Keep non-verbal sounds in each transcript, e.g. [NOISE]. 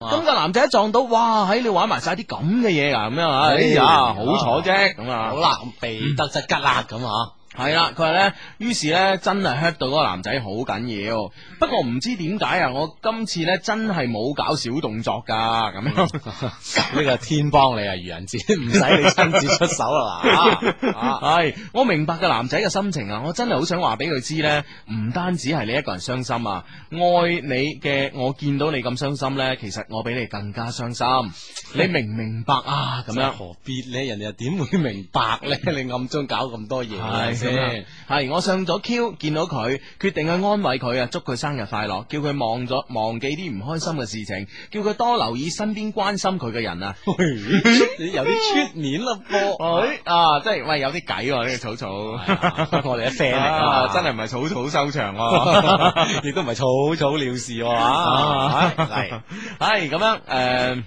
咁個男仔撞到，哇！喺、哎、你玩埋晒啲咁嘅嘢啊？咁樣啊？哎呀，哎呀好彩啫，咁啊，啊好啦，避得就吉啦，咁嗬。嗯係啦，佢話呢，於是呢，真係 hurt 到嗰個男仔好緊要。不過唔知點解啊，我今次呢，真係冇搞小動作噶。咁呢 [LAUGHS] 個天幫你啊，愚人節唔使你親自出手啦係、 [LAUGHS] 啊，我明白個男仔嘅心情啊，我真係好想話俾佢知呢，唔單止係你一個人傷心啊，愛你嘅我見到你咁傷心呢，其實我比你更加傷心。你明唔明白啊？咁樣何必呢？人哋又點會明白呢？你暗中搞咁多嘢。係，我上咗 Q 見到佢，決定去安慰佢啊，祝佢生日快樂，叫佢忘咗忘記啲唔開心嘅事情，叫佢多留意身邊關心佢嘅人啊，有啲出面咯噃，啊，即係喂有啲偈喎，呢個草草，我哋一 f r i e 啊，真係唔係草草收場，亦都唔係草草了事啊，係，係咁樣誒。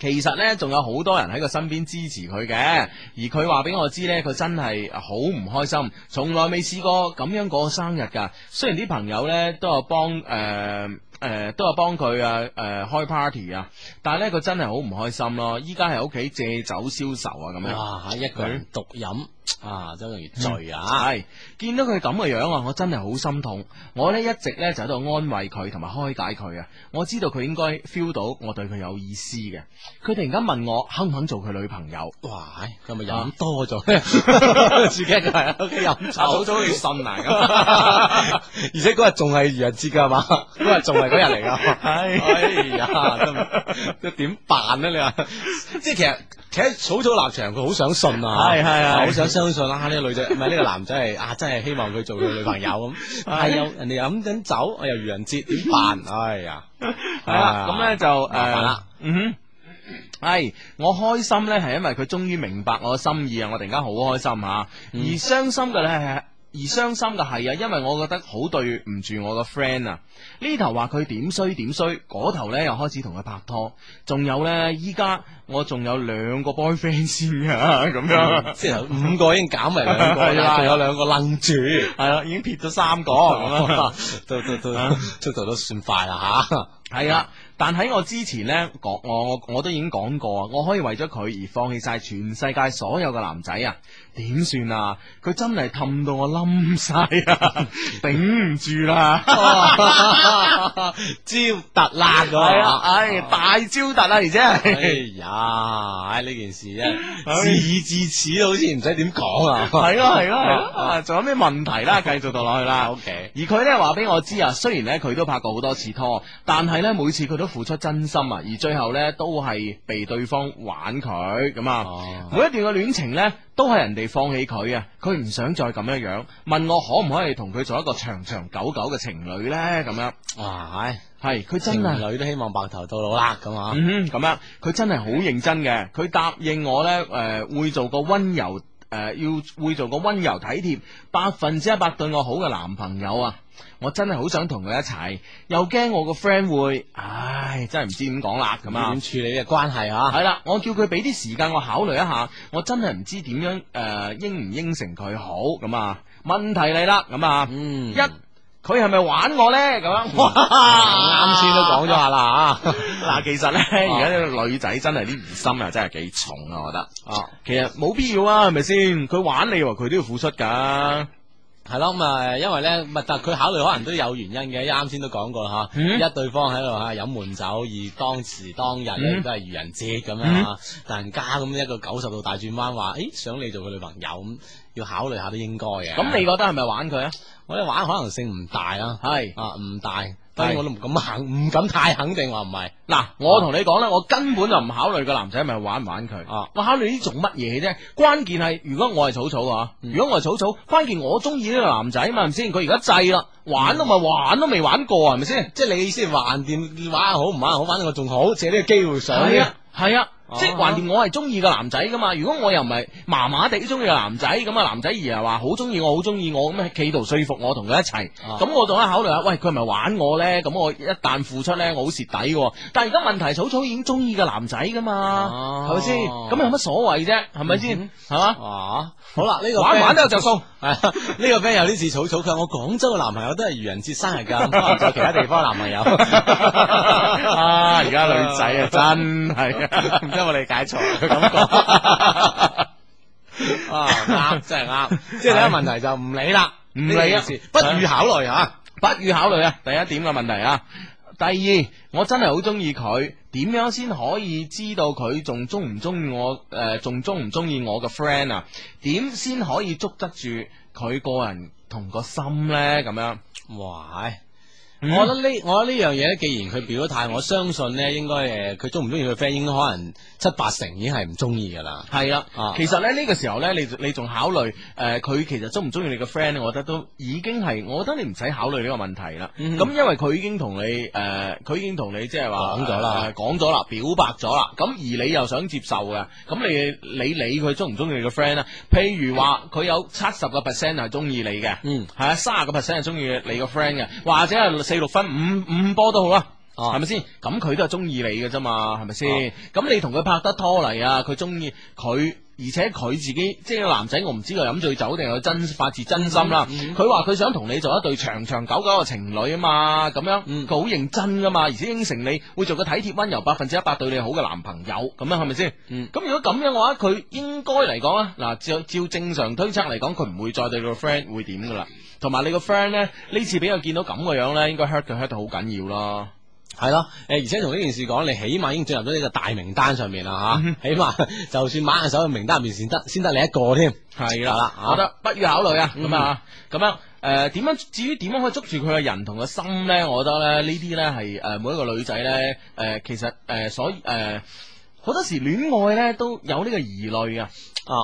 其實呢，仲有好多人喺佢身邊支持佢嘅，而佢話俾我知呢，佢真係好唔開心，從來未試過咁樣過生日㗎。雖然啲朋友呢都有幫誒。呃誒、呃，都係幫佢啊，誒、呃、開 party 啊，但係咧佢真係好唔開心咯，依家喺屋企借酒消愁啊，咁樣哇、啊，一個人獨飲啊，真係越醉啊，係、嗯、見到佢咁嘅樣啊，我真係好心痛，我咧一直咧就喺度安慰佢同埋開解佢啊，我知道佢應該 feel 到我對佢有意思嘅，佢突然間問我肯唔肯做佢女朋友，哇，哎、今日飲多咗，啊、 [LAUGHS] [LAUGHS] 自己喺屋企飲酒，好早要呻啊，咁，而且嗰日仲係愚人節噶係嘛？嗰日仲係。嗰人嚟噶， [MUSIC] [MUSIC] 哎呀，真即點辦咧？你話，即係其實其實草草立場，佢好想信啊，係係，好想相信啊呢個女仔，唔係呢個男仔係啊，真係希望佢做佢女朋友咁。係有人哋飲緊酒，又愚人節，點辦？ [MUSIC] [MUSIC] 哎呀，係啦，咁咧就誒，嗯哼，係、哎、我開心咧，係因為佢終於明白我嘅心意啊！我突然間好開心吓，而傷心嘅咧。啊啊嗯嗯而傷心嘅係啊，因為我覺得好對唔住我、啊、我個 friend 啊，呢頭話佢點衰點衰，嗰頭呢又開始同佢拍拖，仲有呢，依家我仲有兩個 boyfriend 先啊，咁樣即係五個已經減埋兩個啦， [LAUGHS] 仲有兩個愣住，係啦， [LAUGHS] 啊，已經撇咗三個咁啦，都都都速度都算快啦吓，係啊。 [LAUGHS] 但喺我之前呢，講我我我都已經講過啊，我可以為咗佢而放棄晒全世界所有嘅男仔啊，點算 [LAUGHS] 住 [LAUGHS] 辣 [LAUGHS] 啊？佢真係氹到我冧晒啊，頂唔住啦！招突喇，唉，大招突啊，而且，哎呀，呢、哎、件事咧事已至此，好似唔使點講啊。係 [LAUGHS] 啊，係啊，係啊，仲 [LAUGHS] 有咩問題啦？繼,繼續讀落去啦。O Okay . K。而佢呢話俾我知啊，雖然呢，佢都拍過好多次拖，但係呢，每次佢都。付出真心啊，而最後呢都係被對方玩佢咁啊！每一段嘅戀情呢都係人哋放棄佢啊！佢唔想再咁樣樣，問我可唔可以同佢做一個長長久久嘅情侶呢，咁樣哇，係、哎、佢真係，女都希望白頭到老啦，咁啊，咁、嗯、樣佢真係好認真嘅，佢答應我呢，誒、呃，會做個溫柔。誒、呃，要會做個溫柔體貼、百分之一百對我好嘅男朋友啊！我真係好想同佢一齊，又驚我個 friend 會，唉，真係唔知點講啦咁啊！點處理嘅關係啊？係啦，我叫佢俾啲時間我考慮一下，我真係唔知點樣誒、呃、應唔應承佢好咁啊？問題嚟啦，咁啊，嗯、一佢係咪玩我呢？咁樣，啱先都講咗下啦啊！嗱哇，嗯啊、 [LAUGHS] 其實呢，而家呢啲女仔真係啲疑心啊，真係幾重啊！我覺得。啊其實冇必要啊，係咪先？佢玩你佢都要付出噶，係咯咁啊？因為呢，咪但佢考慮可能都有原因嘅，因為啱先都講過啦，吓一、嗯、對方喺度吓飲悶酒，而當時當日都係愚人節咁樣吓，突然加咁一個九十度大轉彎，話誒、嗯、想你做佢女朋友，咁要考慮下都應該嘅。咁你覺得係咪玩佢咧？我覺得玩可能性唔大啊，係是啊，唔大。所以我都唔敢肯，唔敢太肯定話唔係。嗱，我同你講啦，我根本就唔考慮個男仔係咪玩唔玩佢。啊、我考慮呢做乜嘢啫？關鍵係如果我係草草啊，如果我係草草，嗯、草草，關鍵我中意呢個男仔嘛？係咪先，佢而家制啦，玩都咪玩都未玩過啊？係咪先？即係你意思，橫掂玩好唔玩好，反正我仲好借呢個機會上。係啊，係啊。即係橫掂我係中意個男仔噶嘛，如果我又唔係麻麻地中意個男仔，咁啊男仔而係話好中意我，好中意我咁咪企圖說服我同佢一齊，咁我仲可以考慮下，喂佢係咪玩我咧？咁我一旦付出咧，我好蝕底嘅。但係而家問題草草已經中意個男仔噶嘛，係咪先？咁有乜所謂啫？係咪先？係嘛？哦，好啦，呢個玩玩呢有就送，呢個 friend 有啲似草草，佢我廣州嘅男朋友都係愚人節生日噶，唔好其他地方男朋友。啊，而家女仔啊，真係。因為你解錯，佢咁講啊，啱真係啱。 [LAUGHS] 即係呢個問題就唔理啦，唔理事，不予以考慮吓， [LAUGHS] 不予考慮啊。第一點嘅問題啊，第二我真係好中意佢，點樣先可以知道佢仲中唔中意我？誒、呃，仲中唔中意我嘅 friend 啊？點先可以捉得住佢個人同個心呢？咁樣，哇！Mm hmm. 我覺得呢，我覺得呢樣嘢咧，既然佢表咗態，我相信咧，應該誒，佢中唔中意佢 friend，應該可能七八成已經係唔中意噶啦。係啦，啊、其實咧呢、這個時候咧，你你仲考慮誒，佢、呃、其實中唔中意你個 friend 咧？我覺得都已經係，我覺得你唔使考慮呢個問題啦。咁、mm hmm. 因為佢已經同你誒，佢、呃、已經同你即係話講咗啦，講咗啦，表白咗啦。咁而你又想接受嘅，咁你你，你理佢中唔中意你個 friend 啊？譬如話佢有七十個 percent 係中意你嘅，嗯、mm，係、hmm. 啊，卅個 percent 係中意你個 friend 嘅，或者係。四六分五五波都好啊，係咪先？咁佢都係中意你噶啫嘛，係咪先？咁、啊、你同佢拍得拖嚟啊，佢中意佢。而且佢自己即係男仔，我唔知佢飲醉酒定係佢真發自真心啦。佢話佢想同你做一對長長久久嘅情侶啊嘛，咁樣佢好、嗯、認真噶嘛，而且應承你會做個體貼溫柔百分之一百對你好嘅男朋友咁樣，係咪先？咁、嗯、如果咁樣嘅話，佢應該嚟講啊嗱，照照正常推測嚟講，佢唔會再對你個 friend 會點噶啦。同埋你個 friend 呢，呢次俾佢見到咁個樣呢，應該 hurt 佢 hurt 到好緊要咯。係咯，誒，而且同呢件事講，你起碼已經進入咗呢個大名單上面啦，吓、啊， [LAUGHS] 起碼就算買下手嘅名單面，面先得先得你一個添，係啦啦，我得不予考慮啊，咁啊，咁、嗯、樣，誒，點樣？至於點樣可以捉住佢嘅人同個心咧？我覺得咧，呢啲咧係誒每一個女仔咧，誒、呃，其實誒、呃、所誒，好、呃、多時戀愛咧都有呢個疑慮嘅，啊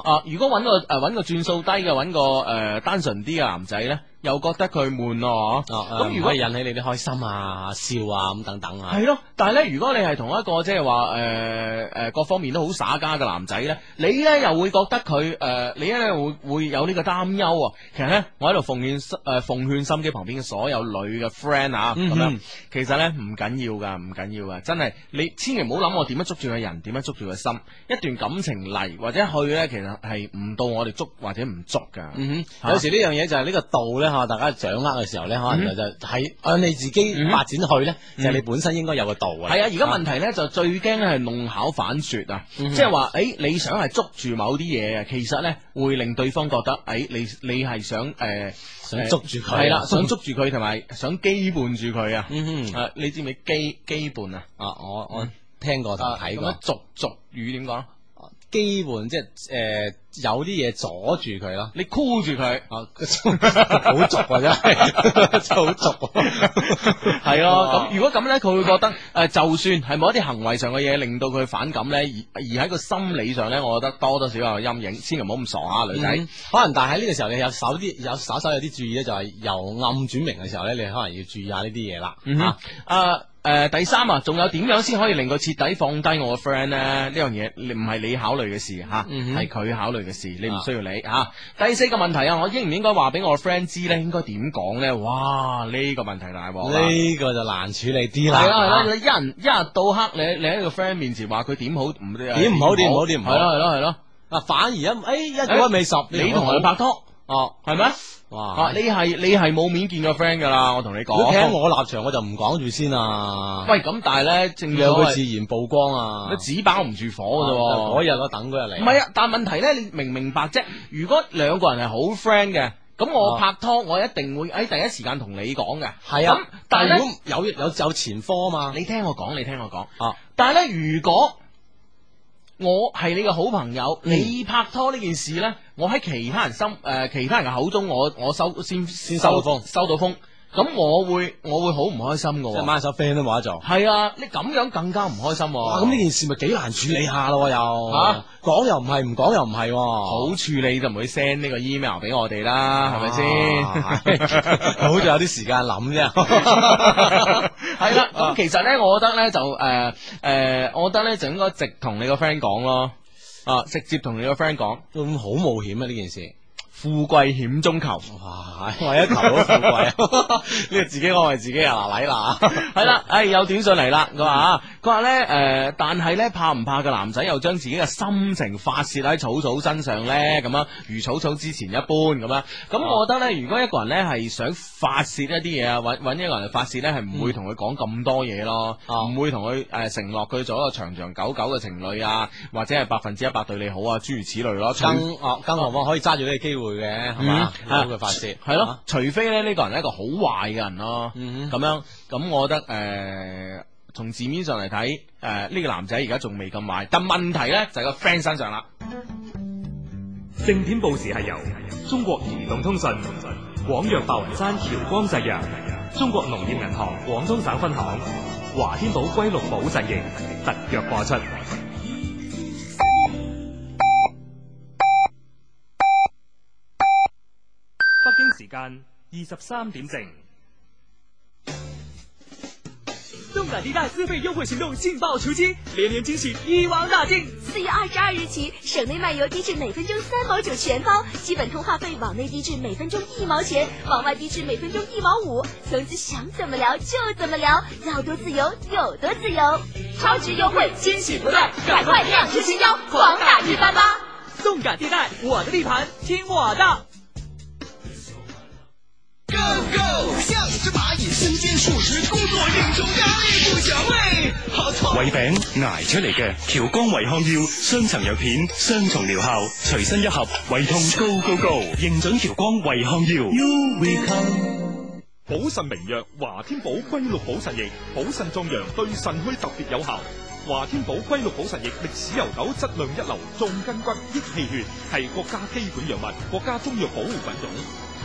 啊，如果揾個誒揾個轉數低嘅，揾個誒、呃、單純啲嘅男仔咧。又覺得佢悶咯，咁如果引起你哋開心啊、笑啊咁等等啊，係咯。但係咧，如果你係同一個即係話誒誒各方面都好耍家嘅男仔咧，你咧又會覺得佢誒，你咧會會有呢個擔憂啊。其實咧，我喺度奉勸誒奉勸心機旁邊嘅所有女嘅 friend 啊，咁樣其實咧唔緊要㗎，唔緊要㗎，真係你千祈唔好諗我點樣捉住個人，點樣捉住個心。一段感情嚟或者去咧，其實係唔到我哋捉或者唔捉㗎。嗯哼，有時呢樣嘢就係呢個道咧。啊！大家掌握嘅時候咧，可能就就喺按你自己發展去咧，嗯、哼就你本身應該有個度、嗯、哼啊。係啊！而家問題咧就最驚係弄巧反拙啊！即係話，誒，你想係捉住某啲嘢啊，其實咧會令對方覺得，誒、欸，你你係想誒、呃、想捉住佢，係啦，想捉住佢，同埋想羈絆住佢啊！嗯哼，誒，你知唔知羈羈絆啊？啊，我我聽過就睇過。咁啊，俗俗語點講？基本即係誒、呃，有啲嘢阻住佢咯，你箍住佢，好俗啊真係，真係好俗，係咯。咁如果咁咧，佢會覺得誒、呃，就算係某一啲行為上嘅嘢令到佢反感咧，而而喺個心理上咧，我覺得多多少少有陰影，千祈唔好咁傻啊女仔。嗯、哼 可能但係喺呢個時候，你有少啲有稍稍有啲注意咧，就係由暗轉明嘅時候咧，你可能要注意下呢啲嘢啦。啊。啊誒、呃，第三啊，仲有點樣先可以令佢徹底放低我 friend 呢？呢樣嘢唔係你考慮嘅事吓，係、啊、佢、嗯、哼考慮嘅事，你唔需要理吓、啊。第四個問題啊，我應唔應該話俾我 friend 知呢？應該點講呢？哇，呢、這個問題大鑊，呢個就難處理啲啦。係啊，一人一日到黑，你你喺個 friend 面前話佢點好，點、哎、唔好，點唔好，點唔好，係咯，係咯，係咯。啊，反而一誒一五一十，你同佢拍拖好哦，係咩？ [LAUGHS] 哇！你係你係冇面見個 friend 噶啦，我同你講。如果聽我立場，我就唔講住先啊。喂，咁但係呢，正有佢自然曝光啊，紙包唔住火嘅啫。嗰日，啊就係、我等嗰日嚟。唔係啊，但係問題呢，你明唔明白啫？如果兩個人係好 friend 嘅，咁我拍拖，我一定會喺第一時間同你講嘅。係啊，那啊但係如果有有有前科啊嘛你，你聽我講，你聽我講啊。但係呢，如果我係你嘅好朋友，你拍拖呢件事呢。我喺其他人心，誒、呃，其他人嘅口中我，我我收先，先，收到，先收，到收到風，收到風。咁我會，我會好唔開心嘅、啊。即係買手 friend 都買就，係啊，你咁樣更加唔開心、啊。哇，咁呢件事咪幾難處理下咯、啊？又吓講、啊、又唔係，唔講又唔係。好處理就唔會 send 呢個 email 俾我哋啦，係咪先？好似有啲時間諗啫。係啦，咁其實咧、呃呃，我覺得咧就誒誒，我覺得咧就應該直同你個 friend 講咯。啊！直接同你個 friend 講，咁好冒險啊！呢件事。富貴險中求，哇！為一求到富貴，你 [LAUGHS] [LAUGHS] 自己安慰自己啊！嗱，禮啦，係啦，哎，有短信嚟啦，佢話啊，佢話咧，誒、呃，但係咧，怕唔怕個男仔又將自己嘅心情發泄喺草草身上咧？咁樣如草草之前一般咁樣。咁我覺得咧，如果一個人咧係想發泄一啲嘢啊，搵搵一個人嚟發泄咧，係唔會同佢講咁多嘢咯，唔、嗯、會同佢誒承諾佢做一個長長久久嘅情侶啊，或者係百分之一百對你好啊，諸如此類咯。增哦、 [LAUGHS] 啊，更何況可以揸住呢個機會。嘅係嘛，好嘅發泄，係咯，除非咧呢、這個人係一個好壞嘅人咯，咁、嗯、哼樣，咁我覺得誒，從、呃、字面上嚟睇，誒、呃、呢、這個男仔而家仲未咁壞，但問題咧就係、是、個 friend 身上啦。正點報時係由中國移動通信、廣藥白雲山、僑光製藥、中國農業銀行廣東省分行、華天寶、歸龍寶陣營、特約播出。間二十三點整，動感地帶資費優惠行動勁爆出擊，連連驚喜一網打盡。四月二十二日起，省內漫遊低至每分鐘三毛九全包，基本通話費往內低至每分鐘一毛錢，往外低至每分鐘一毛五，總之想怎麼聊就怎麼聊，要多自由有多自由。超值優惠，驚喜不斷，趕快亮出新招，狂打一八八，動感地帶，我的地盤，聽我的。Go, go. 數值工作小胃病捱出嚟嘅，喬光胃康藥，雙層藥片，雙重療效，隨身一盒，胃痛 go go go。認準喬光胃康藥。You welcome，補腎名藥華天寶龜鹿補腎液，補腎壯陽，對腎虛特別有效。華天寶龜鹿補腎液，歷史悠久，質量一流，壯筋骨，益氣血，係國家基本藥物，國家中藥保護品種。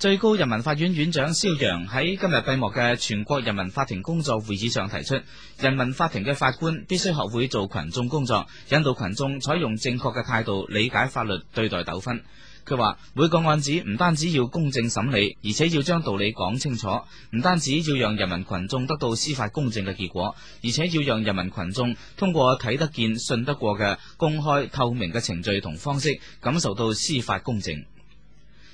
最高人民法院院長肖揚喺今日閉幕嘅全國人民法庭工作會議上提出，人民法庭嘅法官必須學會做群眾工作，引導群眾採用正確嘅態度理解法律，對待糾紛。佢話每個案子唔單止要公正審理，而且要將道理講清楚，唔單止要讓人民群眾得到司法公正嘅結果，而且要讓人民群眾通過睇得見、信得過嘅公開透明嘅程序同方式，感受到司法公正。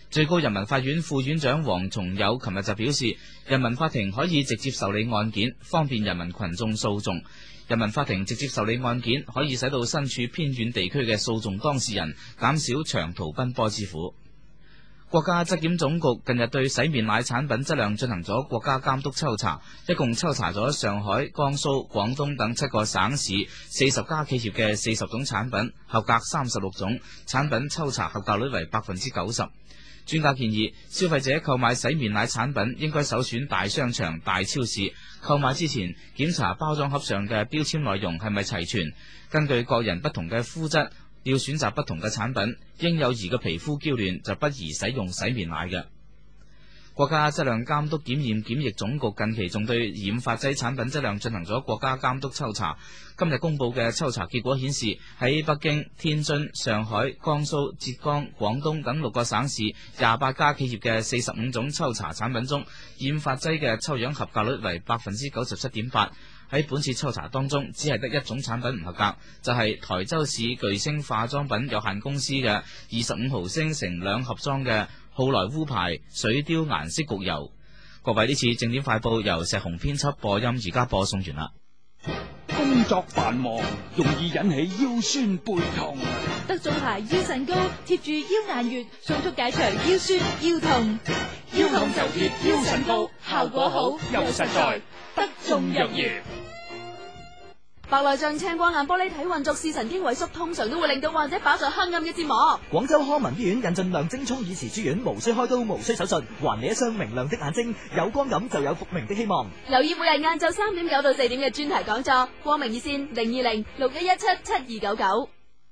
最高人民法院副院長黃崇友琴日就表示，人民法庭可以直接受理案件，方便人民群眾訴訟。人民法庭直接受理案件，可以使到身處偏遠地區嘅訴訟當事人減少長途奔波之苦。國家質檢總局近日對洗面奶產品質量進行咗國家監督抽查，一共抽查咗上海、江蘇、廣東等七個省市四十家企業嘅四十種產品，合格三十六種，產品抽查合格率為百分之九十。專家建議消費者購買洗面奶產品應該首選大商場、大超市。購買之前檢查包裝盒上嘅標籤內容係咪齊全。根據個人不同嘅膚質，要選擇不同嘅產品。嬰幼兒嘅皮膚嬌嫩就不宜使用洗面奶嘅。國家質量監督檢驗檢疫總局近期仲對染髮劑產品質量進行咗國家監督抽查。今日公布嘅抽查結果顯示，喺北京、天津、上海、江蘇、浙江、廣東等六個省市，廿八家企業嘅四十五種抽查產品中，染髮劑嘅抽樣合格率為百分之九十七點八。喺本次抽查當中，只係得一種產品唔合格，就係台州市巨星化妝品有限公司嘅二十五毫升乘兩盒裝嘅。好萊塢牌水貂顏色焗油。各位，呢次正點快報由石紅編輯播音，而家播送完啦。工作繁忙，容易引起腰酸背痛，得中牌腰腎膏貼住腰眼穴，迅速解除腰酸腰痛，腰痛就貼腰腎膏，效果好又實在，得中藥業。白內障、青光眼、玻璃體混濁、視神經萎縮，通常都會令到患者飽受黑暗嘅折磨。廣州康民醫院引進量精充耳詞住院，無需開刀，無需手術，還你一雙明亮的眼睛。有光感就有復明的希望。留意每日晏晝三點九到四點嘅專題講座，光明熱線零二零六一一七七二九九。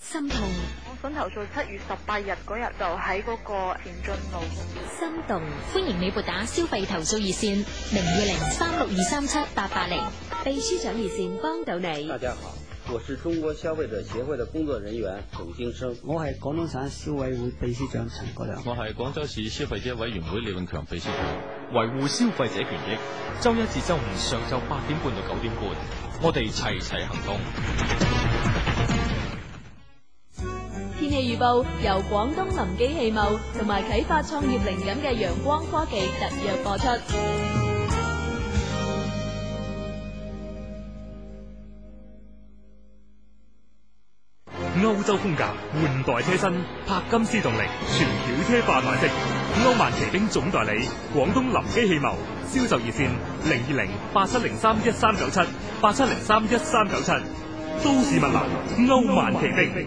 心痛，我想投訴七月十八日嗰日就喺嗰個前進路。心動，歡迎你撥打消費投訴熱線零二零三六二三七八八零，秘書長熱線幫到你。大家好，我是中國消費者協會的工作人員董金生。我係廣東省消委會秘書長陳國良。我係廣州市消費者委員會李永強秘書長，維護消費者權益。周一至周五上晝八點半到九點半，我哋齊齊行動。 [LAUGHS] 預報由廣東林基汽貿同埋啟發創業靈感嘅陽光科技特約播出。歐洲風格，換代車身，柏金斯動力，全轎車化內飾。歐曼奇兵總代理，廣東林基汽貿銷售熱線：零二零八七零三一三九七，八七零三一三九七。97, 97, 都市物流，歐曼 No No 奇兵。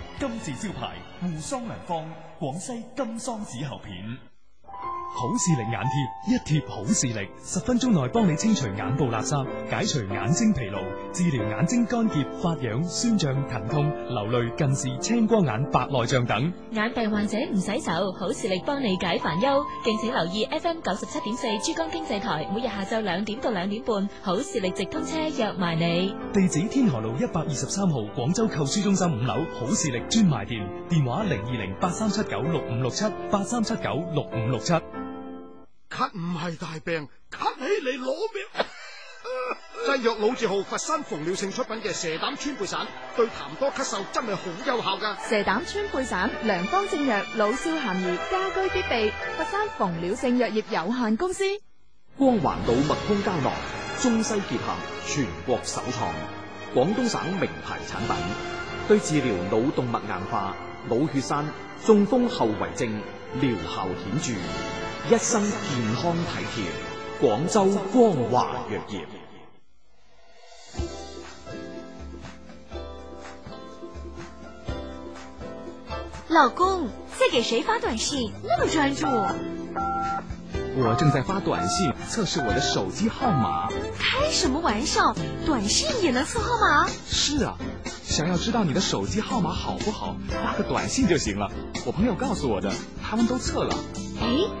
金字招牌，護桑良方，廣西金桑子喉片。好視力眼貼，一貼好視力，十分鐘內幫你清除眼部垃圾，解除眼睛疲勞，治療眼睛乾澀、發癢、酸脹、疼痛、流淚、近視、青光眼、白內障等。眼病患者唔洗手，好視力幫你解煩憂。敬請留意 FM 九十七點四珠江經濟台，每日下晝兩點到兩點半，好視力直通車約埋你。地址：天河路一百二十三號廣州購書中心五樓好視力專賣店，電話零二零八三七九六五六七八三七九六五六七。咳唔係大病，咳起嚟攞命。製藥 [LAUGHS] 老字號佛山馮了性出品嘅蛇膽川貝散，對痰多咳嗽真係好有效噶。蛇膽川貝散，良方正藥，老少咸宜，家居必備。佛山馮了性藥業有限公司。光環腦脈通膠囊，中西結合，全國首創，廣東省名牌產品，對治療腦動脈硬化、腦血栓、中風後遺症療效顯著。一生健康體貼，廣州光華藥業。老公在給誰發短信？那麼專注啊？我正在發短信測試我的手機號碼。開什麼玩笑？短信也能測號碼？是啊，想要知道你的手機號碼好不好，發個短信就行了。我朋友告訴我的，他們都測了。誒、哎。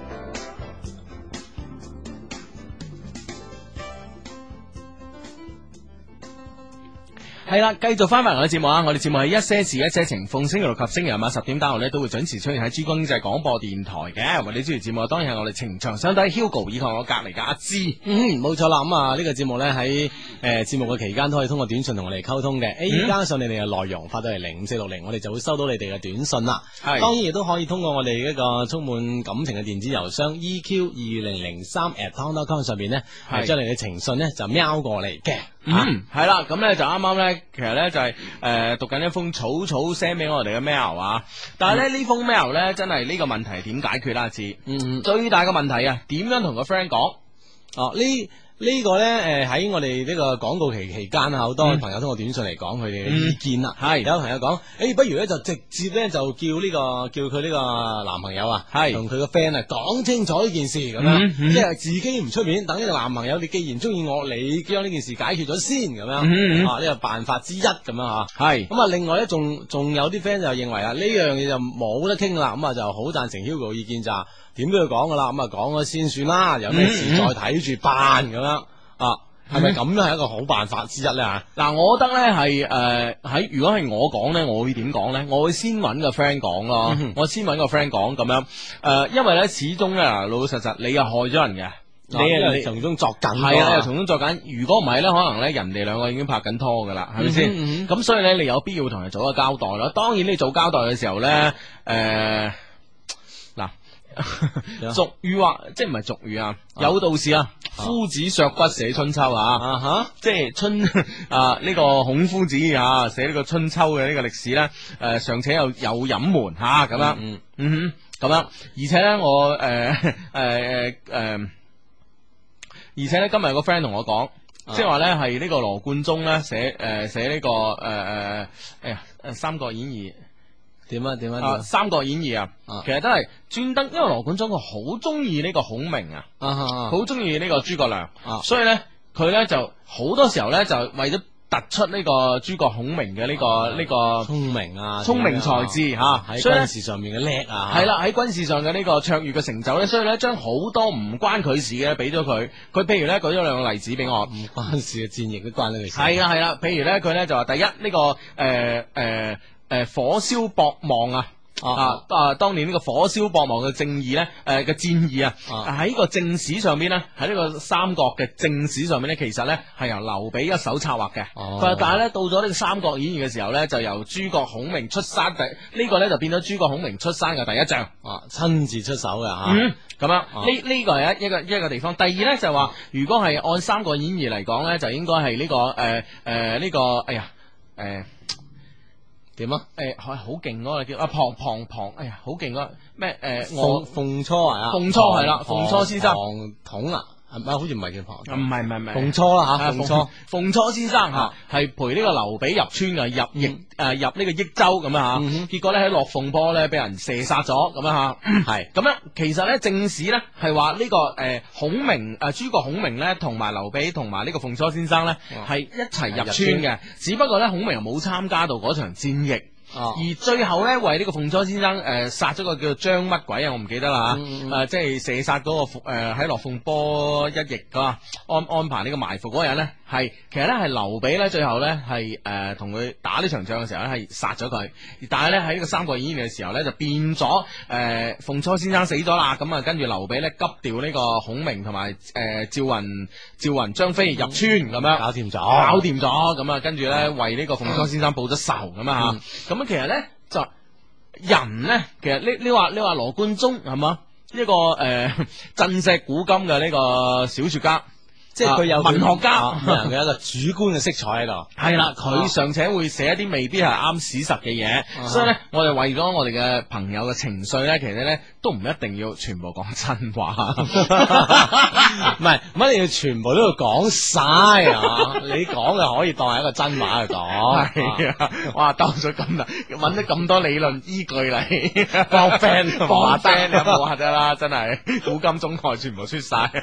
係啦，繼續翻翻嚟，我哋節目啊！我哋節目係一些事一些情，逢星期六及星期日晚十點單號咧，都會準時出現喺珠江經濟廣播電台嘅。為你支持節目，當然係我哋情長相睇 Hugo 以及我隔籬嘅阿芝。嗯，冇錯啦。咁、呃、啊，呢個節目咧喺誒節目嘅期間都可以通過短信同我哋溝通嘅。誒、嗯，加上你哋嘅內容發到嚟零五四六零，我哋就會收到你哋嘅短信啦。係是，當然亦都可以通過我哋一個充滿感情嘅電子郵箱 EQ 二零零三 at t c o n 上邊呢，將是你嘅情信呢就喵過嚟嘅。啊、嗯，係啦，咁咧就啱啱咧，其實咧就係、是、誒、呃、讀緊一封草草 send 俾我哋嘅 mail 啊，但係咧呢、嗯、封 mail 咧真係呢個問題點解決啦，阿志。嗯，最大嘅問題啊，點樣同個 friend 講？哦，呢。呢個呢，誒、呃、喺我哋呢個廣告期期間啊，好多朋友通過短信嚟講佢嘅意見啦。係、嗯、是有朋友講，誒、哎、不如呢就直接呢、這個，就叫呢個叫佢呢個男朋友啊，係同佢個 friend 啊講清楚呢件事咁樣，即係自己唔出面，等呢個男朋友，你既然鍾意我，你將呢件事解決咗先，咁樣、嗯嗯、啊呢個辦法之一咁樣吓。係咁啊，嗯嗯、另外呢，仲仲有啲 friend 就認為啊，呢樣嘢就冇得傾啦，咁啊就好贊成 Hugo 意見咋。點都要講噶啦，咁啊講咗先算啦，有咩事再睇住辦咁樣啊？係咪咁樣係一個好辦法之一咧？嗱、啊，我覺得咧係誒喺如果係我講咧，我會點講咧？我會先搵個 friend 講咯，我先搵個 friend 講咁樣誒，因為咧始終咧，老老實實你又害咗人嘅，你又從中作梗，係啊，又從中作梗。如果唔係咧，可能咧人哋兩個已經拍緊拖噶啦，係咪先？咁、嗯哼啊、所以咧，你有必要同人做一個交代咯。當然你做交代嘅時候咧，誒、呃。俗語話，即係唔係俗語啊？語啊啊有道是啊，啊夫子削骨寫春秋啊，啊即係春啊呢、這個孔夫子啊寫呢個春秋嘅呢個歷史咧，誒、呃、尚且有有隱瞞吓咁樣，嗯，嗯哼咁樣，而且咧我誒誒誒誒，而且咧今日有個 friend 同我講，即係話咧係呢個羅貫中咧寫誒寫呢、呃這個誒誒誒三國演義。點啊點啊！樣啊《三國演義》啊，啊其實都係專登，因為羅貫中佢好中意呢個孔明啊，好中意呢個諸葛亮，啊、所以咧佢咧就好多時候咧就為咗突出呢個諸葛孔明嘅呢、這個呢、啊這個聰明啊，聰明才智吓喺、啊、軍事上面嘅叻以啊，係啦喺軍事上嘅呢個卓越嘅成就咧，所以咧將好多唔關佢事嘅咧俾咗佢，佢譬如咧舉咗兩個例子俾我，唔、啊、關事嘅戰役都關呢個事，係啦係啦，譬如咧佢咧就話第一呢、這個誒誒。呃呃呃呃誒，火燒博望啊！啊啊，當年呢個火燒博望嘅正義呢，誒嘅戰役啊，喺呢個正史上邊呢，喺呢個三國嘅正史上面呢，其實呢係由劉備一手策劃嘅。但係咧到咗呢個三國演義嘅時候呢，就由諸葛孔明出山第呢個呢就變咗諸葛孔明出山嘅第一仗，親自出手嘅吓。咁樣呢呢個係一一個一個地方。第二呢，就係話，如果係按三國演義嚟講呢，就應該係呢個誒誒呢個哎呀誒。點啊？誒、欸，係好勁咯，叫啊，龐龐龐，哎呀，好勁啊！咩？誒、呃，鳳鳳初係啊，鳳初係啦，鳳初先生，龐統啊。唔係，好似唔係叫龐。唔係唔係唔係，鳳雛啦吓，鳳雛，鳳雛先生吓，係陪呢個劉備入川嘅，入益誒入呢個益州，咁樣吓。結果咧喺落鳳坡咧俾人射殺咗咁樣吓，係咁樣。其實咧正史咧係話呢個誒孔明誒諸葛孔明咧同埋劉備同埋呢個鳳雛先生咧係一齊入川嘅，只不過咧孔明冇參加到嗰場戰役。哦、而最後咧，為呢個鳳雛先生誒殺咗個叫張乜鬼啊？我唔記得啦吓。誒、嗯嗯嗯呃，即係射殺、嗰個誒，喺落鳳坡一役，佢話安安排呢個埋伏嗰個人咧。係，其實咧係劉備咧，最後咧係誒同佢打呢場仗嘅時候咧，係殺咗佢。但係咧喺呢個三國演義嘅時候咧，就變咗誒，鳳、呃、雛先生死咗啦。咁啊，跟住劉備咧急調呢個孔明同埋誒趙雲、趙、呃、雲、張飛入川咁樣，搞掂咗，搞掂咗。咁啊，跟住咧為呢個鳳雛先生報咗仇咁啊吓。咁啊，其實咧就人咧，其實呢，呢其實你話你話羅貫中係嘛？呢、這個誒振、呃、石、石古今嘅呢個小說家。即係佢有文學家佢、啊、一個主觀嘅色彩喺度，係啦， [LAUGHS] 佢尚且會寫一啲未必係啱史實嘅嘢，啊、哈 所以咧，我哋為咗我哋嘅朋友嘅情緒咧，其實咧都唔一定要全部講真話，唔係乜你要全部都要講晒啊！ [LAUGHS] 你講啊，可以當係一個真話去講，係啊，哇，當咗咁啊，搵咗咁多理論依據嚟搏 friend 搏下 friend，冇吓得啦，真係古今中外全部出晒。 [LAUGHS]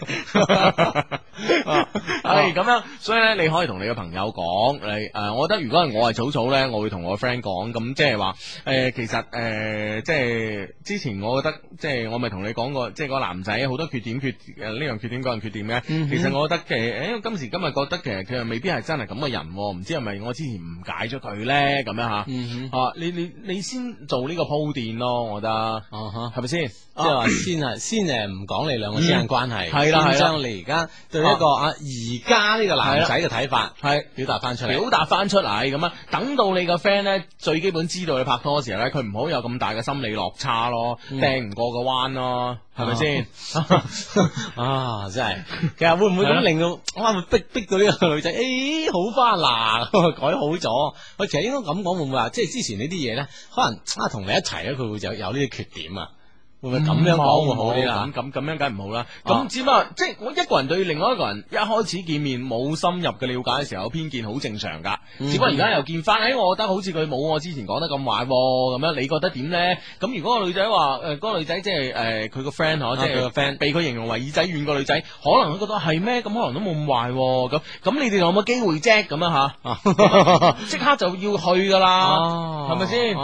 啊，係咁樣，所以咧你可以同你嘅朋友講，你，誒，我覺得如果係我係草草咧，我會同我 friend 講，咁即係話誒，其實誒，即係之前我覺得，即係我咪同你講過，即係個男仔好多缺點缺誒，呢樣缺點樣缺點嘅，其實我覺得嘅，因為今時今日覺得其實佢又未必係真係咁嘅人，唔知係咪我之前誤解咗佢咧，咁樣吓，啊，你你你先做呢個鋪墊咯，我覺得，啊吓，係咪先？即係話先係先誒，唔講你兩個之間關係，係啦係啦，你而家對一個。哦，而家呢個男仔嘅睇法，係的表達返出嚟，的表達返出嚟咁啊！等到你個 friend 咧，最基本知道你拍拖嘅時候咧，佢唔好有咁大嘅心理落差咯，掟唔、嗯、過個彎咯，係咪先？啊， [LAUGHS] [LAUGHS] 啊，真係，其實會唔會咁令到 [LAUGHS] 啊？逼逼到呢個女仔，誒、哎、好返喇， [LAUGHS] 改好咗。我其實應該咁講，會唔會啊？即係之前呢啲嘢咧，可能差同你一齊咧，佢會就有呢啲缺點啊？會唔會咁樣講會好啲啦？咁咁樣梗唔好啦。咁只不過即係我一個人對另外一個人一開始見面冇深入嘅了解嘅時候有偏見，好正常噶。只不過而家又見翻，哎，我覺得好似佢冇我之前講得咁壞咁樣。你覺得點呢？咁如果個女仔話誒，嗰個女仔即係誒，佢個 friend 嗬，即係佢個 friend，被佢形容為耳仔軟個女仔，可能佢覺得係咩？咁可能都冇咁壞。咁咁你哋有冇機會啫？咁樣吓，即刻就要去噶啦，係咪先？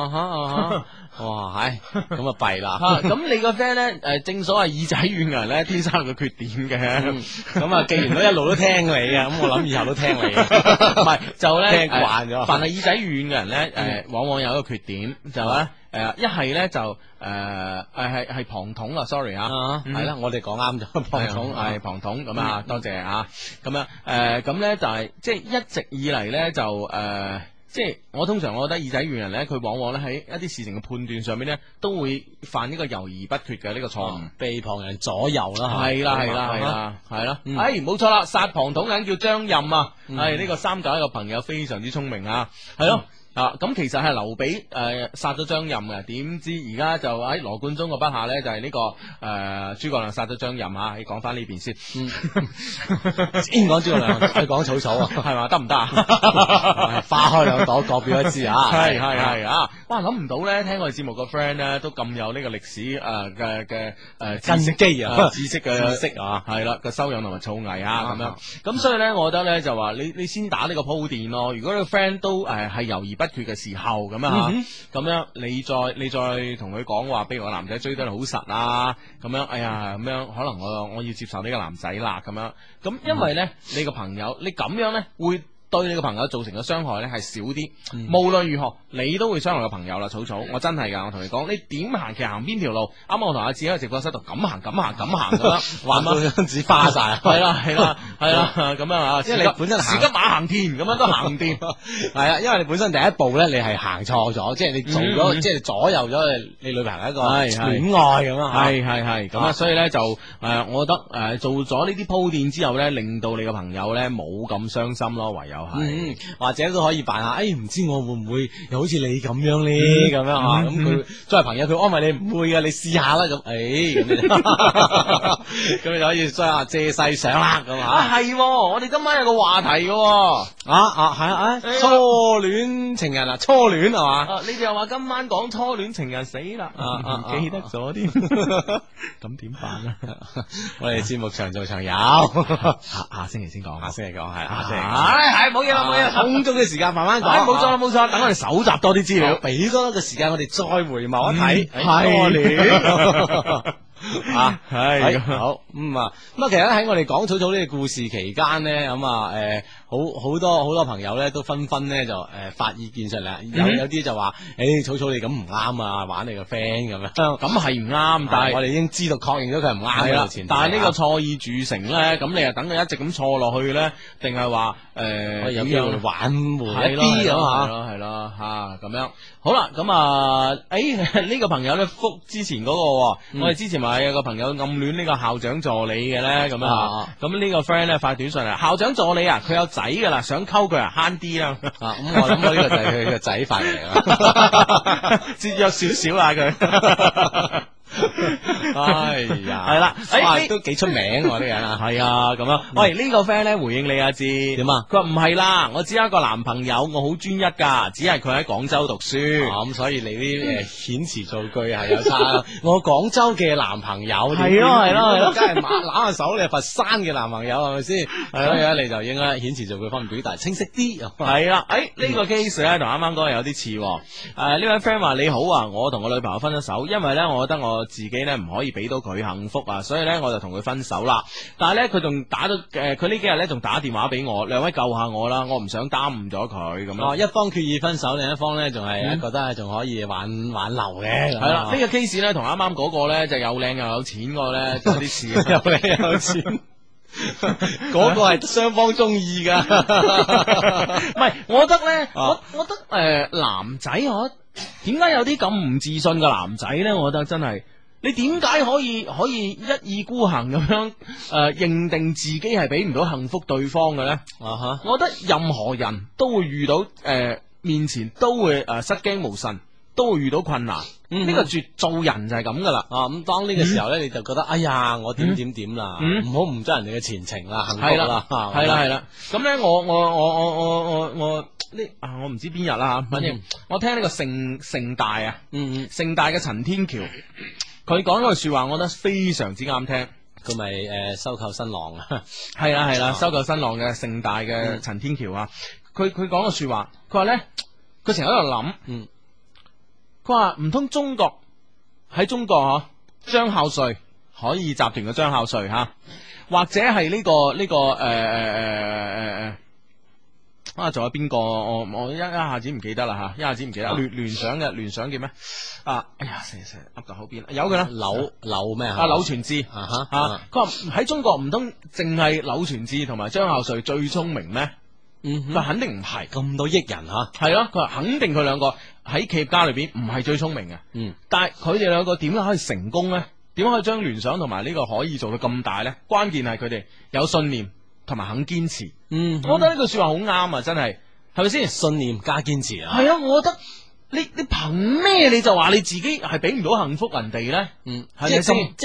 哇，係咁 [MUSIC] 啊弊啦！咁你個 friend 咧，誒、呃，正所謂耳仔軟嘅人咧，天生個缺點嘅。咁啊、嗯嗯嗯，既然都一路都聽你，咁我諗以後都聽你。唔 [LAUGHS] 係，就咧聽慣咗、啊。凡係耳仔軟嘅人咧，誒、嗯，往往有一個缺點，就咧，誒、呃，一係咧就，誒、呃，誒，係係龐統啦，sorry 啊，係啦、啊啊，我哋講啱咗、嗯，龐、哎呃、統係龐統咁啊，多謝啊，咁啊，誒、啊，咁咧就係，即係一直以嚟咧就誒。即係我通常我覺得耳仔軟人咧，佢往往咧喺一啲事情嘅判斷上面咧，都會犯呢個猶疑不決嘅呢、這個錯誤，嗯、被旁人左右啦。係、啊、啦，係吧啦，係啦，係啦。嗯、哎，冇錯啦，殺龐統嗰人叫張任啊。係呢、嗯哎這個三九一個朋友非常之聰明啊。係咯。嗯啊，咁其實係劉備誒殺咗張任嘅，點知而家就喺羅貫中嘅筆下咧，就係呢個誒諸葛亮殺咗張任吓，你講翻呢邊先。先講諸葛亮，你講草草啊，係嘛？得唔得啊？花開兩朵各表一枝啊！係係係啊！哇，諗唔到咧，聽我哋節目個 friend 咧都咁有呢個歷史誒嘅嘅誒根基啊，知識嘅識啊，係啦，個修養同埋造詣啊，咁樣。咁所以咧，我覺得咧就話你你先打呢個鋪墊咯。如果你個 friend 都誒係猶豫不。不缺嘅時候咁樣吓，咁、嗯、樣你再你再同佢講話，比如個男仔追得嚟好實啊，咁樣哎呀咁樣，可能我我要接受呢個男仔啦，咁樣，咁因為咧，嗯、你個朋友你咁樣咧會。對你個朋友造成嘅傷害咧係少啲，無論如何你都會傷害個朋友啦，草草，我真係噶，我同你講，你點行其實行邊條路，啱啱我同阿志喺直播室度咁行咁行咁行咁啦，萬貫金子花晒，係啦係啦係啦咁啊，即係你本身，時今馬行天，咁樣都行唔掂，係啊，因為你本身第一步咧你係行錯咗，即係你做咗，即係左右咗你女朋友一個戀愛咁啊，係係係咁啊，所以咧就誒，我覺得誒做咗呢啲鋪墊之後咧，令到你嘅朋友咧冇咁傷心咯，唯有。嗯，或者都可以扮下。哎，唔知我會唔會又好似你咁樣咧？咁樣啊？咁佢作為朋友，佢安慰你唔會啊，你試下啦。咁，哎，咁你就可以再借勢上啦。咁啊，係，我哋今晚有個話題嘅。啊啊，係啊，初戀情人啊，初戀係嘛？你哋又話今晚講初戀情人死啦，唔記得咗啲。咁點辦咧？我哋節目長做長有，下下星期先講，下星期講係下星期。冇嘢啦，冇嘢啦，充足嘅時間慢慢講，冇錯啦，冇錯，等我哋搜集多啲資料，俾多一個時間我哋再回眸一睇，係啊，係的，好咁啊，咁、嗯、啊，其實喺我哋講草草呢個故事期間咧，咁、嗯、啊，誒、欸。好好多好多朋友咧，都紛紛咧就誒發意見上嚟，有有啲就話誒草草你咁唔啱啊，玩你個 friend 咁樣咁係唔啱，但係我哋已經知道確認咗佢唔啱嘅。但係呢個錯意鑄成咧，咁你又等佢一直咁錯落去咧，定係話誒有機會挽回一啲係咯係咯吓咁樣好啦，咁啊誒呢個朋友咧覆之前嗰個，我哋之前咪有個朋友暗戀呢個校長助理嘅咧，咁樣。咁呢個 friend 咧發短信嚟，校長助理啊，佢有。仔噶啦，想溝佢 [LAUGHS] 啊慳啲啦，啊、嗯、咁我諗佢呢個就係佢個仔發嚟啦， [LAUGHS] [LAUGHS] [LAUGHS] 節約少少啊佢。 [LAUGHS] 哎呀，係啦，都幾出名喎啲人啊，係啊咁咯。喂，呢個 friend 咧回應你阿志點啊？佢話唔係啦，我只有一個男朋友，我好專一噶，只係佢喺廣州讀書。咁所以你啲誒遣詞造句係有差。我廣州嘅男朋友係咯係咯，梗係攬下手你佛山嘅男朋友係咪先？所以咧你就應該遣詞造句方面表達清晰啲。係啦，誒呢個 case 咧同啱啱講嘅有啲似。誒呢位 friend 話你好啊，我同我女朋友分咗手，因為咧我覺得我。自己咧唔可以俾到佢幸福啊，所以咧我就同佢分手啦。但係咧佢仲打到誒，佢呢幾日咧仲打電話俾我，兩位救下我啦，我唔想耽誤咗佢咁樣。一方決意分手，另一方咧仲係覺得仲可以挽挽留嘅。係啦 [LAUGHS] I mean，呢個 case 咧同啱啱嗰個咧就有靚又有錢個咧多啲事，又靚又有錢。嗰個係雙方中意噶，唔係 I mean？我覺得咧，我我覺得誒，男仔我點解有啲咁唔自信嘅男仔咧？我覺得真係。你點解可以可以一意孤行咁樣誒認定自己係俾唔到幸福對方嘅呢？啊吓！我覺得任何人都會遇到誒面前都會誒失驚無神，都會遇到困難。呢個做做人就係咁噶啦。啊咁，當呢個時候呢，你就覺得哎呀，我點點點啦，唔好唔爭人哋嘅前程啦，幸福啦，係啦係啦。咁咧，我我我我我我我呢啊，我唔知邊日啦。反正我聽呢個盛盛大啊，嗯嗯，盛大嘅陳天橋。佢講嗰句說話，我覺得非常之啱聽。佢咪誒收購新浪啊？係啦係啦，收購新浪嘅盛大嘅陳天橋啊！佢佢講個說話，佢話呢，佢成日喺度諗，嗯，佢話唔通中國喺中國嗬、啊，張孝瑞，海爾集團嘅張孝瑞吓、啊，或者係呢、這個呢、這個誒誒誒誒。呃啊，仲有邊個？我我一一下子唔記得啦吓，一下子唔記得。聯聯想嘅聯想叫咩？啊，哎呀，成日成噏到口邊，有嘅啦。柳柳咩啊？柳傳志啊哈啊！佢話喺中國唔通淨係柳傳志同埋張孝瑞最聰明咩？嗯哼，佢肯定唔係咁多億人吓、啊，係咯、啊。佢話肯定佢兩個喺企業家裏邊唔係最聰明嘅。嗯，但係佢哋兩個點樣可以成功咧？點樣可以將聯想同埋呢個可以做到咁大咧？關鍵係佢哋有信念。同埋肯堅持，嗯，我覺得呢句說話好啱啊！真係，係咪先信念加堅持啊？係啊，我覺得你你憑咩你就話你自己係俾唔到幸福人哋呢？嗯，即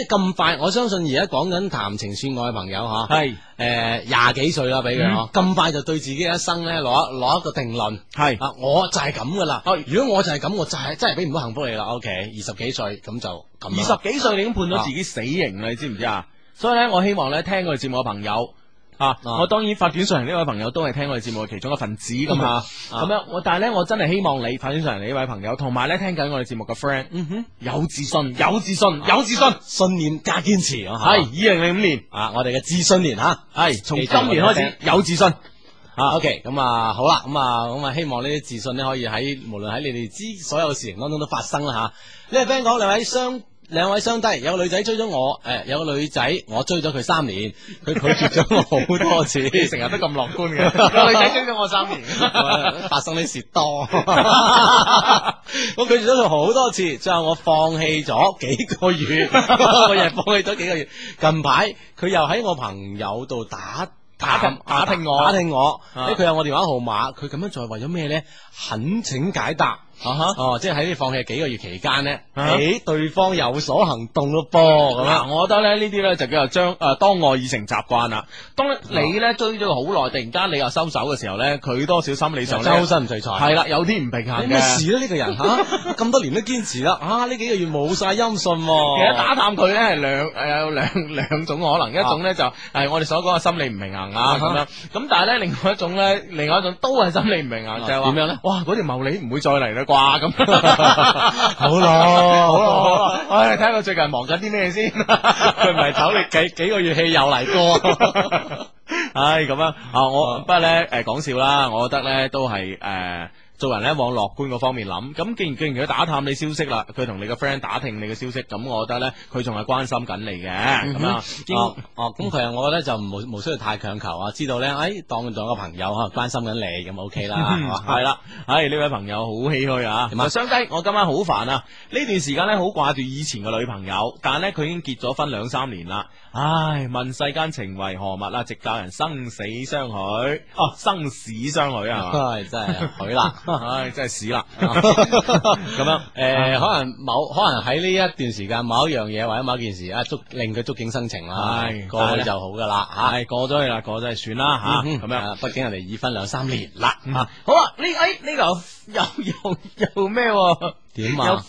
係咁快，我相信而家講緊談情說愛嘅朋友吓，係誒廿幾歲啦，俾佢咁快就對自己一生呢，攞一攞一個定論，係啊，我就係咁噶啦！如果我就係咁，我就係真係俾唔到幸福你啦。O K，二十幾歲咁就咁，二十幾歲你已經判咗自己死刑啦，你知唔知啊？所以呢，我希望呢，聽我節目嘅朋友。啊！我當然發短信嚟呢位朋友都係聽我哋節目嘅其中一份子噶嘛，咁樣我但係呢，我真係希望你發短信嚟呢位朋友，同埋呢聽緊我哋節目嘅 friend，有自信、有自信、有自信，信念加堅持。係二零零五年啊，我哋嘅自信年嚇，係從今年開始有自信。啊，OK，咁啊好啦，咁啊咁啊，希望呢啲自信呢可以喺無論喺你哋之所有事情當中都發生啦嚇。呢位 friend 講兩位。商。兩位相低，有個女仔追咗我，誒，有個女仔我追咗佢三年，佢拒絕咗我好多次，成日 [LAUGHS] 都咁樂觀嘅， [LAUGHS] 有個女仔追咗我三年，發生啲事多，我拒絕咗佢好多次，最後我放棄咗幾個月， [LAUGHS] [LAUGHS] 我又放棄咗幾個月，近排佢又喺我朋友度打打探打，打聽我打，打聽我，佢的有我電話號碼，佢咁樣係為咗咩咧？懇請解答。哈！哦，即係喺你放棄幾個月期間呢，誒，對方有所行動咯噃咁樣。我覺得咧呢啲呢，就叫做將誒當愛已成習慣啦。當你咧追咗佢好耐，突然間你又收手嘅時候呢，佢多少心理上周身唔聚財。係啦，有啲唔平衡。有咩事呢，呢個人吓咁多年都堅持啦，啊呢幾個月冇晒音訊。其實打探佢呢係兩誒有兩兩種可能，一種呢就係我哋所講嘅心理唔平衡啊咁樣。咁但係呢，另外一種呢，另外一種都係心理唔平衡，就係話點樣咧？哇！嗰條茂利唔會再嚟啦。啩咁， [LAUGHS] 好咯，好咯，好咯，唉，睇下我最近忙緊啲咩先，佢唔係走，你幾幾個月氣又嚟過。 [LAUGHS] 唉，咁樣。啊，我、哦、不過咧，誒講、呃、笑啦，我覺得咧都係誒。呃做人咧往樂觀嗰方面諗，咁既然既然佢打探你消息啦，佢同你個 friend 打聽你嘅消息，咁我覺得呢，佢仲係關心緊你嘅，咁啊、嗯，樣哦咁其實我覺得就唔冇需要太強求啊，知道呢，誒，當咗個朋友吓，關心緊你，咁 ok 啦，係啦、嗯，誒，呢位、嗯哎、朋友好唏噓啊，同埋雙低，我今晚好煩啊，呢段時間呢，好掛住以前嘅女朋友，但係呢，佢已經結咗婚兩三年啦，唉，問世間情為何物啊，直教人生死相許，哦，生死相許係、哎，真係許啦。唉、哎，真係屎啦，咁、啊、樣，誒、呃 [LAUGHS] 是，可能某可能喺呢一段時間某一樣嘢或者某件事啊，觸令佢觸景生情啦，係、啊、過去就好噶啦，吓，過咗去啦，過咗就算啦，吓，咁樣，畢竟人哋已婚兩三年啦，啊嗯、好啊，呢誒呢個又又又咩？欸這個有，有回、啊、剛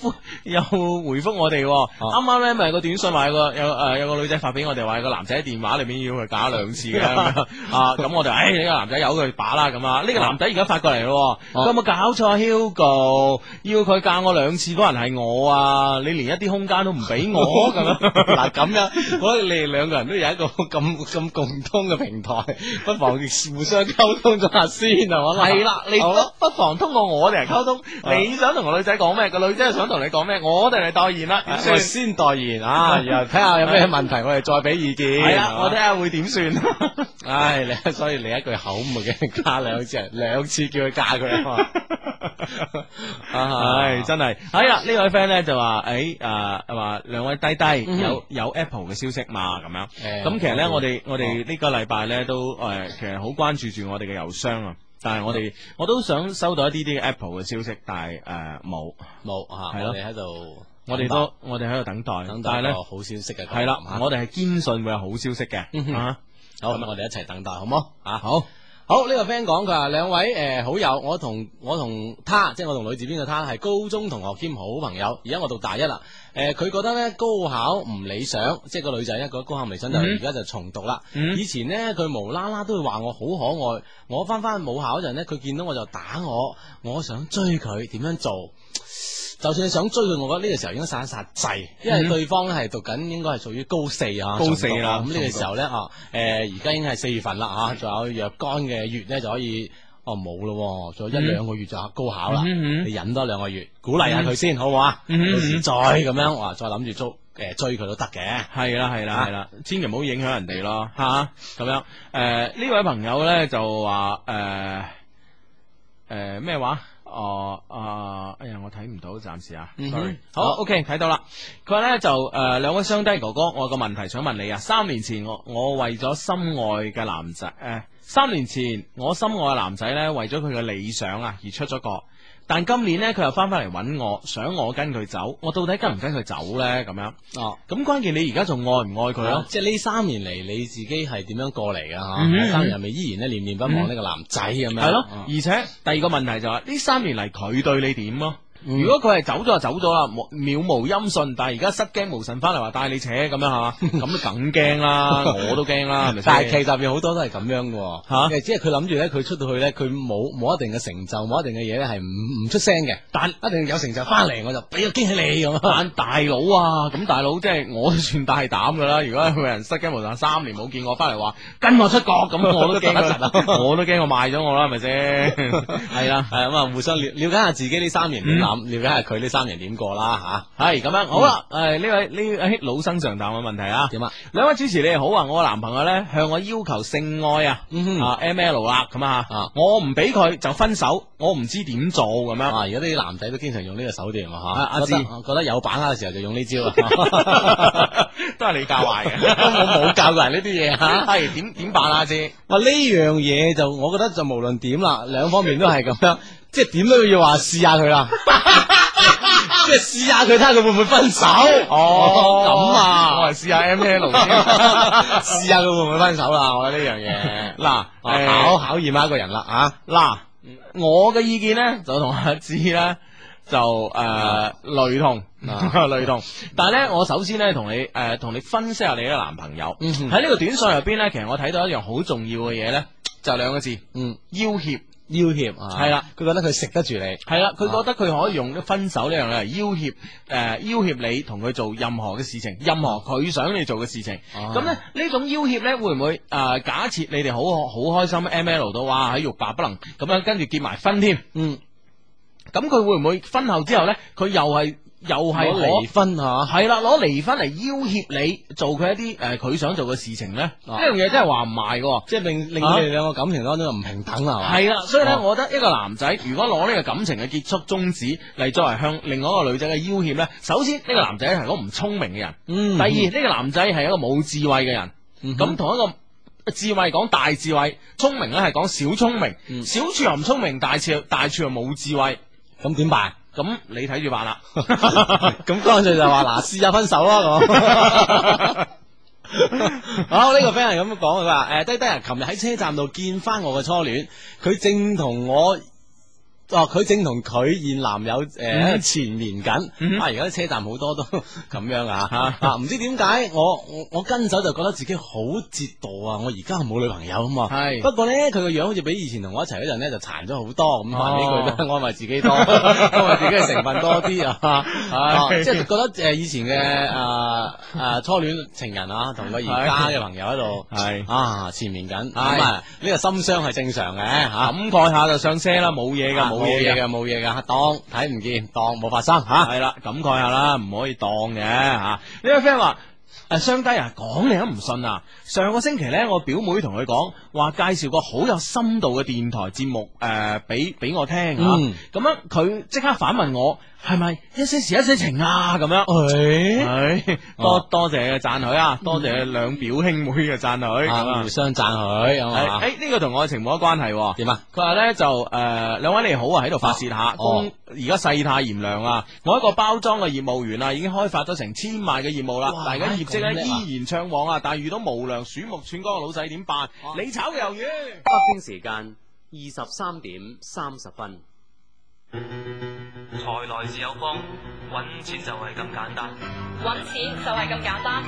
剛有回覆我哋，啱啱咧咪個短信話有個有誒有個女仔發俾我哋話個男仔喺電話裏面要佢打兩次嘅， [LAUGHS] 啊咁我哋誒呢個男仔有佢把啦咁、這個、啊，呢個男仔而家發過嚟咯，有冇搞錯 Hugo？要佢教我兩次嗰人係我啊？你連一啲空間都唔俾我咁咯？嗱咁、 [LAUGHS] 啊、樣，我哋你哋兩個人都有一個咁咁共通嘅平台，不妨互相溝通咗下先係嘛？係啦，你不妨通過我哋嚟溝通，啊、你想同個女仔講咩？女仔係想同你講咩？我哋嚟代言啦，我先代言啊，然後睇下有咩問題，我哋再俾意見。係啊，我睇下會點算，唉，你所以你一句口誤嘅加兩次，兩次叫佢加佢啊！唉，真係。係啦，呢位 friend 咧就話，誒，誒話兩位低低有有 Apple 嘅消息嘛？咁樣咁其實咧，我哋我哋呢個禮拜咧都誒，其實好關注住我哋嘅郵箱啊。但係我哋，我都想收到一啲啲 Apple 嘅消息，但係誒冇冇吓，係咯，我哋喺度，我哋都我哋喺度等待，等待呢個好消息嘅，係啦，我哋係堅信會有好消息嘅，吓，好，咁我哋一齊等待，好唔好啊？好。好呢，這個 friend 講，佢話兩位誒、呃、好友，我同我同他，即係我同女子邊個，他係高中同學兼好朋友。而家我讀大一啦，誒、呃、佢覺得咧，高考唔理想，即係個女仔一個高考唔理想就而家就重讀啦。嗯，以前呢，佢無啦啦都會話我好可愛，我翻翻母校陣呢，佢見到我就打我，我想追佢點樣做？就算你想追佢，我覺得呢個時候應該煞一煞掣，因為對方咧係讀緊，應該係屬於高四啊。高四啦，咁呢個時候咧，啊，誒，而家已經係四月份啦，嚇，仲有若干嘅月咧就可以，哦，冇咯，仲有一兩個月就高考啦，你忍多兩個月，鼓勵下佢先，好唔好啊？唔再咁樣，哇，再諗住追，誒，追佢都得嘅。係啦，係啦，係啦，千祈唔好影響人哋咯，嚇咁樣。誒，呢位朋友咧就話，誒，誒咩話？哦，啊，uh, uh, 哎呀，我睇唔到，暫時啊，嗯、mm，hmm. 好，OK，睇到啦。佢話咧就誒，兩、呃、位雙低哥哥，我有個問題想問你啊。三年前我我為咗心愛嘅男仔誒、呃，三年前我心愛嘅男仔咧為咗佢嘅理想啊而出咗國。但今年呢，佢又翻翻嚟揾我，想我跟佢走，我到底跟唔跟佢走呢？咁樣哦，咁、啊、關鍵你而家仲愛唔愛佢咯？啊、即係呢三年嚟，你自己係點樣過嚟噶？吓、嗯，三年係咪依然咧念念不忘呢個男仔咁、嗯、樣，係咯。而且第二個問題就係、是、呢、嗯、三年嚟佢對你點咯？如果佢係走咗就走咗啦，渺無音訊。但係而家失驚無神翻嚟話帶你扯咁樣吓，咁啊梗驚啦，我都驚啦，係咪？ [LAUGHS] 但係其實變好多都係咁樣嘅吓，啊、即係佢諗住咧，佢出到去咧，佢冇冇一定嘅成就，冇一定嘅嘢咧，係唔唔出聲嘅。但一定有成就翻嚟我就俾個驚喜你咁。但 [LAUGHS] 大佬啊，咁大佬即係我都算大膽噶啦。如果有人失驚無神三年冇見我翻嚟話跟我出國咁，我都驚一陣啦。 [LAUGHS] 我都驚我， [LAUGHS] [LAUGHS] 我賣咗我啦，係咪先？係啦，係咁啊，互相了，了解下自己呢三年、嗯。諗了解下佢呢三年點過啦吓，係咁樣好啦。誒，呢位呢老生常談嘅問題啊，點啊？兩位主持你好啊，我個男朋友咧向我要求性愛啊，啊 M L 啦咁啊，我唔俾佢就分手，我唔知點做咁樣。啊，而家啲男仔都經常用呢個手段啊吓。阿芝，覺得有把握嘅時候就用呢招啊，都係你教壞嘅，我冇教過人呢啲嘢吓。係點點辦啊？阿芝，我呢樣嘢就我覺得就無論點啦，兩方面都係咁樣。即係點都要話試下佢啦，即係試下佢睇下佢會唔會分手？ [LAUGHS] 哦，咁啊，我係試下 M、N、L 先，試下佢會唔會分手啦？我呢樣嘢，嗱、啊啊、考考驗下一個人啦吓。嗱、啊，我嘅意見咧就同阿志咧就誒雷同雷同，但係咧我首先咧同你誒同你分析下你嘅男朋友喺呢個短信入邊咧，其實我睇到一樣好重要嘅嘢咧，就兩、是、個字，嗯，嗯，要挾。要挾，係啦的，佢、啊、覺得佢食得住你，係啦的，佢、啊、覺得佢可以用分手呢樣嘢嚟要挾，誒，要挾、呃、你同佢做任何嘅事情，任何佢想你做嘅事情。咁咧、啊、呢種要挾呢，會唔會誒、呃？假設你哋好好開心，M L 到哇，喺欲罷不能咁樣，跟住結埋婚添。嗯，咁佢會唔會婚後之後呢，佢又係？又係離婚吓，係啦，攞離婚嚟要挾你做佢一啲誒，佢想做嘅事情呢，呢樣嘢真係話唔埋嘅，即係令令你哋兩個感情當中唔平等啊！係啦，所以呢，我覺得一個男仔如果攞呢個感情嘅結束終止嚟作為向另外一個女仔嘅要挾呢，首先呢個男仔係個唔聰明嘅人，第二呢個男仔係一個冇智慧嘅人，咁同一個智慧講大智慧，聰明呢係講小聰明，小處又唔聰明，大處大處又冇智慧，咁點辦？咁你睇住話啦，咁乾脆就話嗱，試下分手啦咁，eh。好，呢個 friend 係咁講佢話，誒，滴滴啊，琴日喺車站度見翻我嘅初戀，佢 [LAUGHS] 正同我。哦，佢正同佢現男友誒，纏綿緊。啊，而家啲車站好多都咁樣啊，吓，唔知點解，我我跟手就覺得自己好折墮啊！我而家係冇女朋友啊嘛。係，不過咧，佢個樣好似比以前同我一齊嗰陣咧就殘咗好多咁。埋呢佢都安慰自己多，安慰自己嘅成分多啲啊。即係覺得誒，以前嘅誒誒初戀情人啊，同佢而家嘅朋友喺度係啊，纏綿緊。咁啊，呢個心傷係正常嘅吓，感慨下就上車啦，冇嘢噶冇。冇嘢嘅，冇嘢嘅，當睇唔見，當冇發生吓，係啦、啊，感慨下啦，唔可以當嘅吓。呢位 friend 話誒，商低啊，講、這個啊、你都唔信啊。上個星期呢，我表妹同佢講，話介紹個好有深度嘅電台節目誒，俾、呃、俾我聽吓。咁樣佢即刻反問我。係咪一些事一些情啊？咁樣，誒，多多謝你嘅讚許啊！多謝兩表兄妹嘅讚許，互相讚許咁誒，呢個同愛情冇乜關係點啊？佢話呢，就誒，兩位你好啊，喺度發洩下，而家世態炎涼啊！我一個包裝嘅業務員啊，已經開發咗成千萬嘅業務啦，大家業績呢依然暢旺啊！但係遇到無良鼠目寸光嘅老細點辦？你炒嘅魷魚。北京時間二十三點三十分。財來自有方，搵錢就係咁簡單，搵錢就係咁簡單。